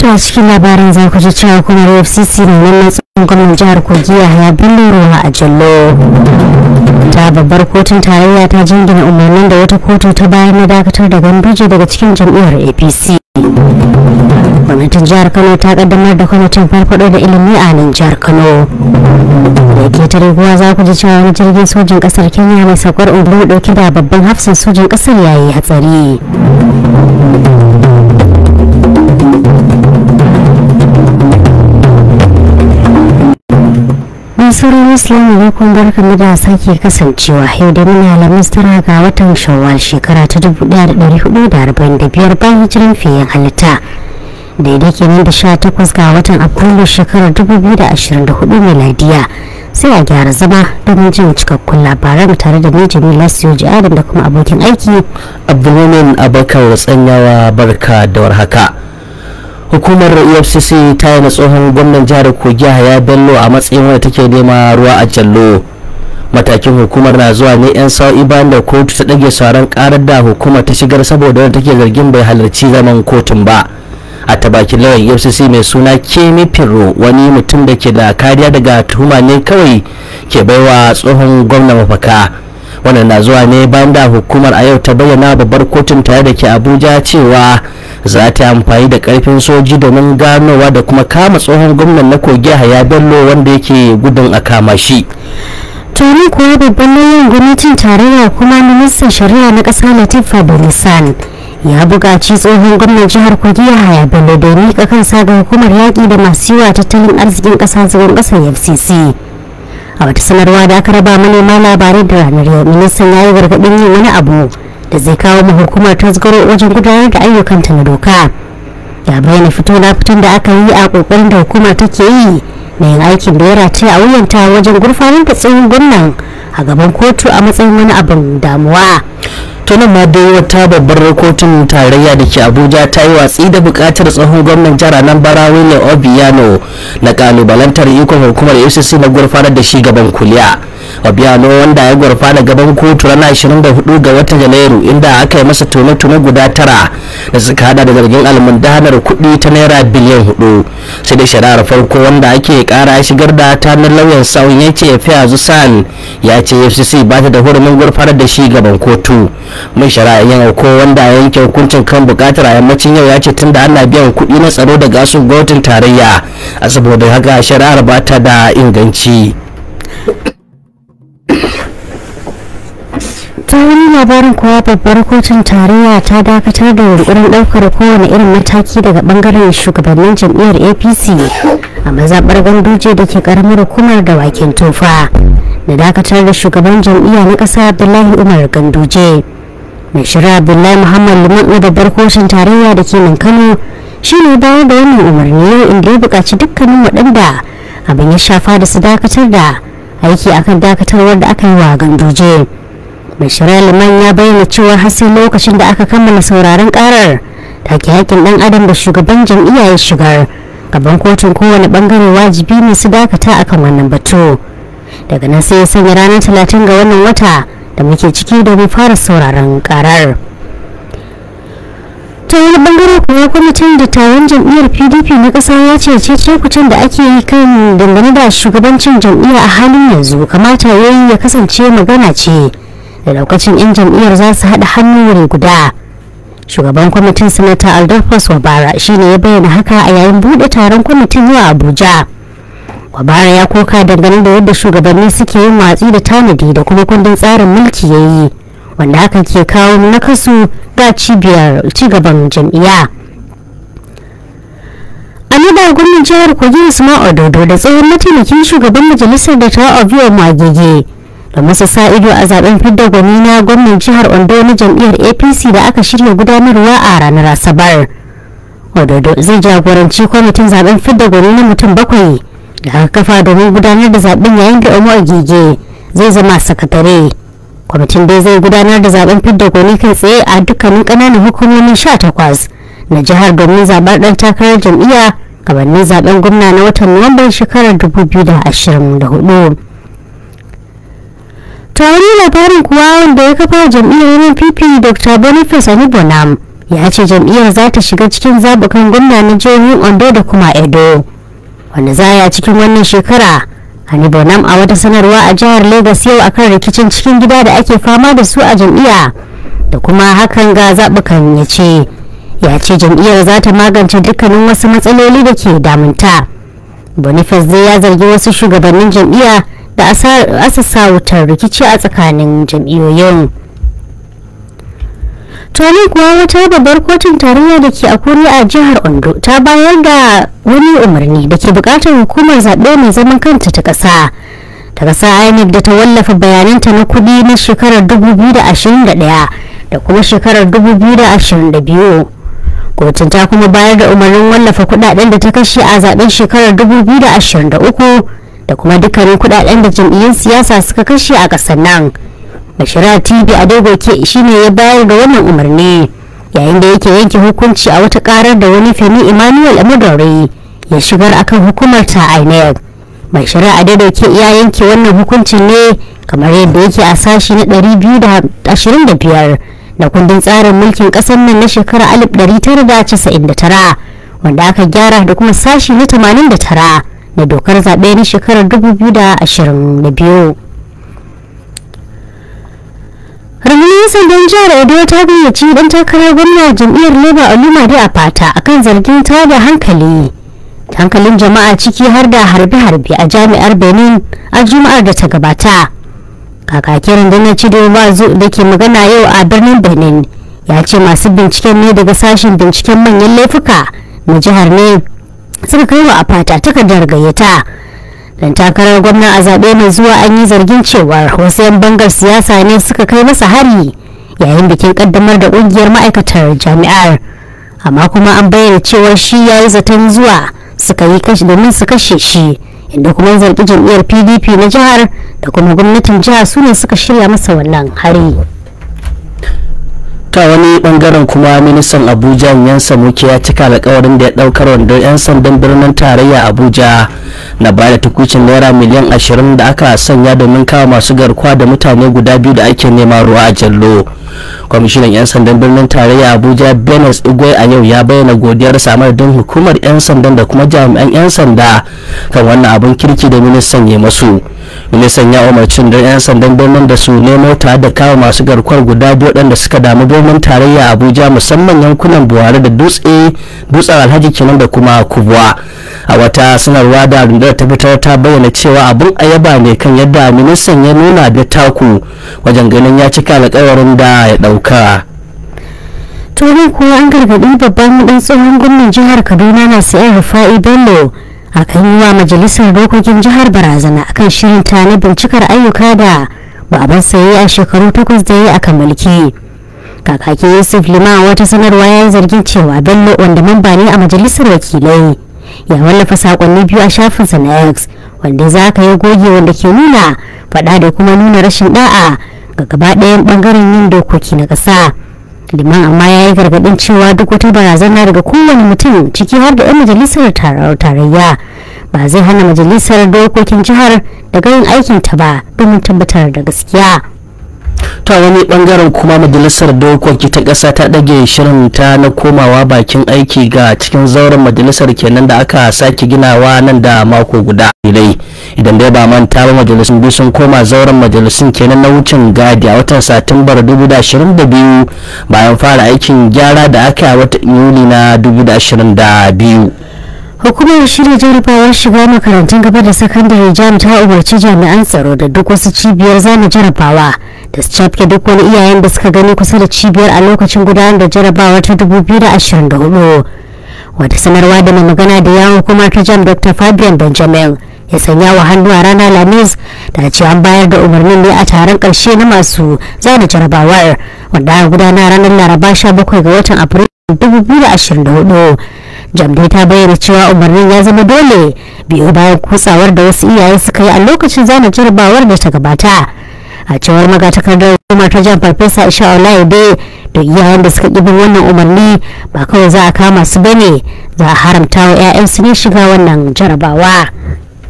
to a cikin labarin za ku ji cewa hukumar fcc na neman tsohon gwamnan jihar kogi ya haya ruwa a jallo ta babbar kotun tarayya ta jingina umarnin da wata kotu ta bayar na dakatar da ganduje daga cikin jam'iyyar apc gwamnatin jihar kano ta kaddamar da kwamitin farfado da ilimi a nan jihar kano da ke tare kuwa za ku ji cewa wani jirgin sojin kasar kenya mai saukar ungulu dauke da babban hafsan sojin kasar yayi hatsari ne kun bar barkan da sake kasancewa yau da muna alamis tara ga watan shawwal shekara ta 1445 bayan hijiran fiye halitta daidai kenan da 18 ga watan afrilu shekarar 2024 miladiya sai a gyara zama domin jin cikakkun labaran tare da ni jamila siyoji adam da kuma abokin aiki abdulmumin abakar tsanyawa barka da warhaka hukumar efcc ta yi na tsohon gwamnan jihar kogi ya bello a matsayin wanda take nema ruwa a jallo matakin hukumar na zuwa ne 'yan sa'o'i bayan da kotu ta ɗage sauran karar da hukumar ta shigar saboda wanda take zargin bai halarci zaman kotun ba a tabakin lawan efcc mai suna kemi pirro wani mutum da ke da kariya daga tuhuma ne kawai ke baiwa tsohon gwamnan mafaka wannan na zuwa ne bayan da hukumar a yau ta bayyana babbar kotun tare da ke abuja cewa za ta amfani da karfin soji domin ganowa da kuma kama tsohon gwamnan na kogi haya bello wanda yake gudun a kama shi tuni kuwa babban lauyan gwamnatin tarayya kuma ministan shari'a na ƙasa latifa da lisan ya buƙaci tsohon gwamnan jihar kogi haya bello da miƙa kan ga hukumar yaƙi da masu yiwa tattalin arzikin ƙasa zagon ƙasar fcc a wata sanarwa da aka raba manema labarai da ranar yau ministan ya yi gargaɗin yin wani abu da zai kawo ma hukumar tasgaro wajen gudanar da ayyukanta na doka ya bayyana fito na fitan da aka yi a kokarin da hukumar take yi na yin aikin da ya race a wuyanta wajen gurfanar da tsayin gwamnan a gaban kotu a matsayin wani abin damuwa tunan ma dai wata babbar kotun tarayya da ke abuja ta yi watsi da bukatar tsohon gwamnan nan anambra william obiano na kalubalantar ikon hukumar fcc na gurfanar da shi gaban kuliya obiano wanda ya da gaban kotu ranar 24 ga watan janairu inda aka yi masa tume-tume guda tara da suka hada da zargin almundanar kudi ta naira biliyan hudu sai da shari'ar farko wanda ake kara shigar da ta na lauyan sawun ya ce fiya zusan ya ce fcc ba ta da hurumin gurfar da shi gaban kotu mai shari'a yan ko wanda yanke hukuncin kan bukatar a yammacin yau ya ce tun da ana biyan kudi na tsaro da gasu gwamnatin tarayya a saboda haka shari'ar ba ta da inganci ta wani labarin kuwa babbar kotun tarayya ta dakatar da yunkurin daukar kowane irin mataki daga bangaren shugabannin jam'iyyar apc a mazabar ganduje da ke karamar hukumar da waken tufa da dakatar da shugaban jam'iyya na kasa abdullahi umar ganduje mai shira abdullahi muhammad liman na babbar kotun tarayya da ke nan kano shine bayar da wani umarni yau inda ya buƙaci dukkanin waɗanda abin ya shafa da su dakatar da aiki akan dakatarwar da aka yi wa ganduje. mai shirya liman ya bayyana cewa har sai lokacin da aka kammala sauraron karar take hakkin dan adam da shugaban jam'iyya ya shigar gaban kotun kowane bangare wajibi ne su dakata akan wannan batu daga nan sai ya sanya ranar talatin ga wannan wata da muke ciki domin fara sauraron karar ta wani bangare kuma kwamitin taron jam'iyyar pdp na kasa ya ce ce kucin da ake yi kan dangane da shugabancin jam'iyya a halin yanzu kamata yayi ya kasance magana ce da lokacin 'yan jam'iyyar za su haɗa hannu wuri guda shugaban kwamitin sanata aldolphus wabara shine ya bayyana haka a yayin buɗe taron kwamitin zuwa abuja wabara ya koka dangane da yadda shugabanni suke yin watsi da tanadi da kuma kundin tsarin mulki ya yi wanda haka ke kawo nakasu ga cibiyar cigaban jam'iyya Amida gwamnan jihar Kogi usman Ododo da tsohon mataimakin shugaban majalisar da ta Oviyo Magege da masu sa ido a zaben fidda gwani na gwamnan jihar ondo na jam'iyyar apc da aka shirya gudanarwa a ranar asabar ododo zai jagoranci kwamitin zaben fidda gwani na mutum bakwai da aka kafa domin gudanar da zaben yayin da omo gege zai zama sakatare kwamitin dai zai gudanar da zaben fidda gwani kai tsaye a dukkanin ƙananan hukumomin sha takwas na jihar domin zaɓar ɗan takarar jam'iyya gabanin zaben gwamna na watan nuwamban shekarar 2024 tare labarin kuwa wanda ya kafa jam'iyyar NPP Dr. Boniface Onibonam ya ce jam'iyyar za ta shiga cikin zabukan gwamna na jihohin Ondo da kuma Edo wanda za ya cikin wannan shekara Onibonam a wata sanarwa a jihar Lagos yau akan rikicin cikin gida da ake fama da su a jam'iyya da kuma hakan ga zabukan ya ce ya ce jam'iyyar za ta magance dukkanin wasu matsaloli da ke damunta Boniface zai ya zargi wasu shugabannin jam'iyya da asasa wutar rikici a tsakanin jam'iyyoyin tomi kuwa wata babbar kotun tarayya da ke a a jihar ondo ta bayar da wani umarni da ke bukatar hukumar zaɓe mai zaman kanta ta ƙasa ta ƙasa inec da ta wallafa bayananta na kuɗi na shekarar 2021 da kuma shekarar 2022 kotun ta kuma bayar da umarnin wallafa kuɗaɗen da ta kashe a zaɓen shekarar 2023 da kuma dukkanin kudaden da jam'iyyun siyasa suka kashe a ƙasar nan bashirar tv a dogoke shine ya bayar da wannan umarni yayin da yake yanke hukunci a wata karar da wani femi emmanuel amadore ya shigar akan hukumar ta inec mai shari'a ke ya yanke wannan hukuncin ne kamar yadda yake a sashi na 225 na kundin tsarin mulkin kasar nan na shekarar 1999 wanda aka gyara da kuma sashi na 89 na dokar zaɓe na shekarar 2022 rundunar sandan jihar edo ta gayyaci dan takarar gwamna jam'iyyar labour olumade a fata akan zargin tada hankali hankalin jama'a ciki har da harbe-harbe a jami'ar benin a juma'ar da ta gabata kakakin rundunar cidowa da ke magana yau a birnin benin ya ce masu binciken ne daga sashen binciken manyan laifuka na jihar ne suka kai wa a afata takardar gayyata dan takarar gwamna a zaɓe mai zuwa an yi zargin cewa wasu 'yan bangar siyasa ne suka kai masa hari yayin bikin kaddamar da ƙungiyar ma'aikatar jami'ar amma kuma an bayyana cewa shi ya yi zaton zuwa suka yi kashi domin su kashe shi inda kuma zargi jam'iyyar pdp na jihar da kuma gwamnatin jihar su suka shirya masa wannan hari. ta wani bangaren kuma ministan abuja yansa muke ya cika alkawarin da ya daukar wanda yan sandan birnin tarayya abuja na bada tukucin naira miliyan ashirin da aka sanya domin kawo masu garkuwa da mutane guda biyu da ake nema ruwa a jallo kwamishinan yan sandan birnin tarayya abuja benes igwe a yau ya bayyana godiyar samar don hukumar yan sandan da kuma jami'an yan sanda kan wannan abin kirki da ministan ya masu ministan ya umarci da 'yan sandan birnin da su nemo tare da kawo masu garkuwar guda biyu waɗanda suka damu birnin tarayya abuja musamman yankunan buhari da dutse dutsen alhaji kenan da kuma kubuwa a wata sanarwa da rundunar ta fitar ta bayyana cewa abin ayaba ne kan yadda ministan ya nuna da taku wajen ganin ya cika alkawarin da ya ɗauka turai kuwa an gargaɗi babban dan tsohon gwamnan jihar kaduna na sa'in rufa'i bello a kan yi wa majalisar dokokin jihar barazana akan shirin ta na bincikar ayyuka da ba a bar saye a shekaru takwas da ya akan mulki kakaki yusuf lima wata sanarwa ya yi zargin cewa bello wanda mamba ne a majalisar wakilai ya wallafa sakonni biyu a shafinsa na x wanda za ka yi goge wanda ke nuna faɗa da kuma nuna rashin da'a ga gaba ɗayan ɓangaren yin dokoki na ƙasa. liman amma ya yi gargaɗin cewa duk wata barazana daga kowane mutum ciki har da 'yan majalisar tarayya ba zai hana majalisar dokokin jihar daga yin aikinta ba domin tabbatar da gaskiya ta wani bangaren kuma majalisar dokoki ta kasa ta dage shirin ta na komawa bakin aiki ga cikin zauren majalisar kenan da aka sake ginawa nan da mako guda dai idan dai ba manta ba majalisun biyu sun koma zauren majalisun kenan na wucin gadi a watan satumbar 2022 bayan fara aikin gyara da aka wata yuli na 2022 Hukumar shirya jarabawar shiga makarantun gaba da sakandare jam ta umarci jami'an tsaro da duk wasu cibiyar zana jarabawa da su cafke duk wani iyayen da suka gani kusa da cibiyar a lokacin gudanar da jarabawa ta 2024. Wata sanarwa da mai magana da yawon hukumar ta jam Dr. Fabian Benjamin ya sanya wa hannu a rana Lamis da ce an bayar da umarnin ne a taron karshe na masu zana jarabawar wanda aka gudana ranar Laraba 17 ga watan Afrilu 2024. jamdai ta bayyana cewa umarnin ya zama dole biyo bayan kutsawar da wasu iyaye suka yi a lokacin zana jarabawar da ta gabata a cewar magatakardar hukumar ta jan farfesa isha olaide da iyayen da suka bin wannan umarni ba kawai za a kama su bane za a haramta wa 'ya'yansu ne shiga wannan jarabawa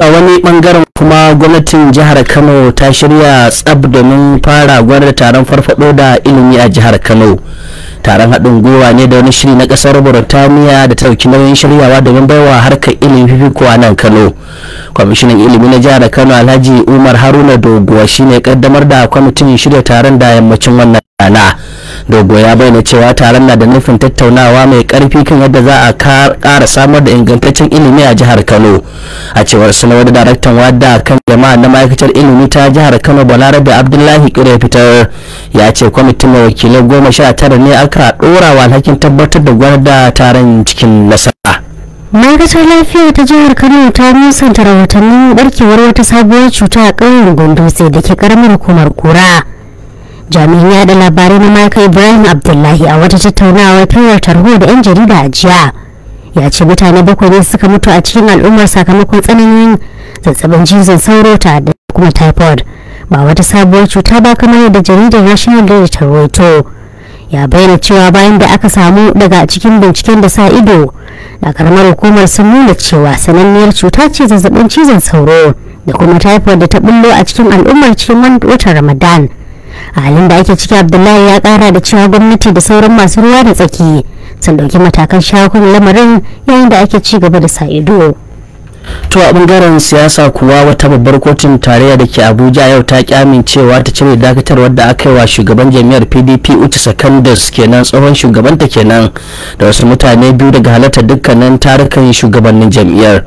a wani bangaren kuma gwamnatin jihar kano ta shirya tsab domin fara gwanar taron farfado da ilimi a jihar kano taron haɗin gwiwa ne da wani shiri na ƙasar burtaniya da ta dauki nauyin shiryawa domin baiwa harkar ilimin fifiko a nan kano kwamishinan ilimi na jihar kano alhaji umar haruna doguwa shine kaddamar da kwamitin shirya taron da yammacin wannan rana dogo ya bayyana cewa taron na da nufin tattaunawa mai karfi kan yadda za a kara samar da ingantaccen ilimi a jihar kano a cewar sanarwar da daraktan wadda kan jama'a na ma'aikatar ilimi ta jihar kano balarabe abdullahi kure fitar ya ce kwamitin mai wakilai goma sha tara ne aka ɗora wa alhakin tabbatar da gwanar da taron cikin nasara ma'aikatar lafiya ta jihar kano ta musanta rahotannin barkewar wata sabuwar cuta a ƙauyen gondose da ke karamar hukumar kura jami'in yada labarai na maka ibrahim abdullahi a wata tattaunawar firar tarho da 'yan jarida a jiya ya ce mutane bakwai ne suka mutu a cikin al'ummar sakamakon tsananin zazzabin cizon sauro ta da kuma typhoid ba wata sabuwar cuta ba kamar yadda jaridar national daily ta rawaito ya bayyana cewa bayan da aka samu daga cikin binciken da sa ido da karamar hukumar sun nuna cewa sananniyar cuta ce zazzabin cizon sauro da kuma typhoid da ta bullo a cikin al'ummar cikin watan ramadan a halin da ake ciki abdullahi ya kara da cewa gwamnati da sauran masu ruwa da tsaki sun dauki matakan shakun lamarin yayin da ake ci gaba da sa ido to a bangaren siyasa kuwa wata babbar kotun tarayya da ke abuja yau ta amincewa ta cire dakatarwar da aka yi wa shugaban jami'ar pdp uta secondus kenan tsohon shugabanta kenan da wasu mutane biyu daga halartar dukkanin tarukan shugabannin jami'ar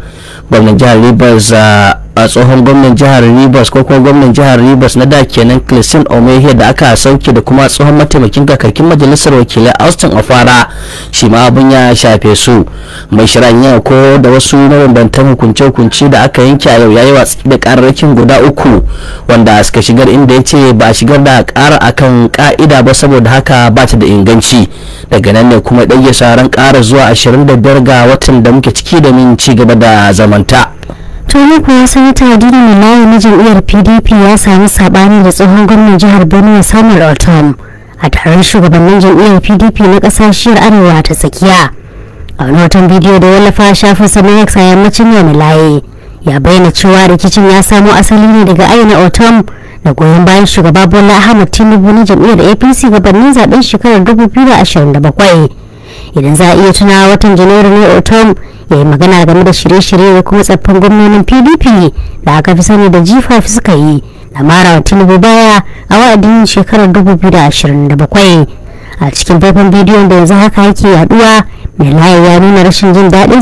gwamnan jihar rivers uh, a tsohon gwamnan jihar rivers ko kuma gwamnan jihar rivers na da kenan clison omehia da aka sauke da kuma tsohon mataimakin kakakin majalisar wakilai austin afara shi ma abin ya shafe su mai shirin yau ko da wasu mabambantan hukunce-hukunce da aka yanke a yau yayi watsi da kararrakin guda uku wanda suka shigar inda ya ce ba shigar da kara akan ka'ida ba saboda haka ba ta da inganci daga nan ne kuma ɗage sauran kara zuwa 25 ga watan da muke ciki da min ci gaba da zamanta. tuni kuwa sanata adini malayi na jam'iyyar pdp ya sami sabani da tsohon gwamnan jihar benue samuel otom a taron shugabannin jam'iyyar pdp na kasashiyar arewa ta tsakiya a wani bidiyo da wallafa shafin sa na ya yammacin ya ya bayyana cewa rikicin ya samo asali ne daga aina otom da goyon bayan shugaba bola ahmad tinubu na jam'iyyar apc gabanin zaben shekarar bakwai. idan za a iya tuna watan janairu ne otom ya yi magana game da shirye-shirye da kuma tsaffin gwamnonin pdp da aka fi sani da g5 suka yi da mara tinubu baya a wa'adin shekarar da bakwai a cikin faifan bidiyon da yanzu haka yake yaduwa mai layi ya nuna rashin jin daɗin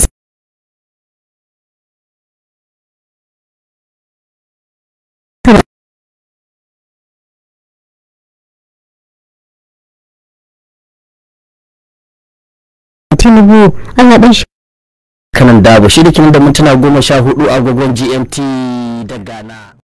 tinubu allah dan shi kanan dabo shi da kin da mintuna goma sha hudu agogon gmt da ghana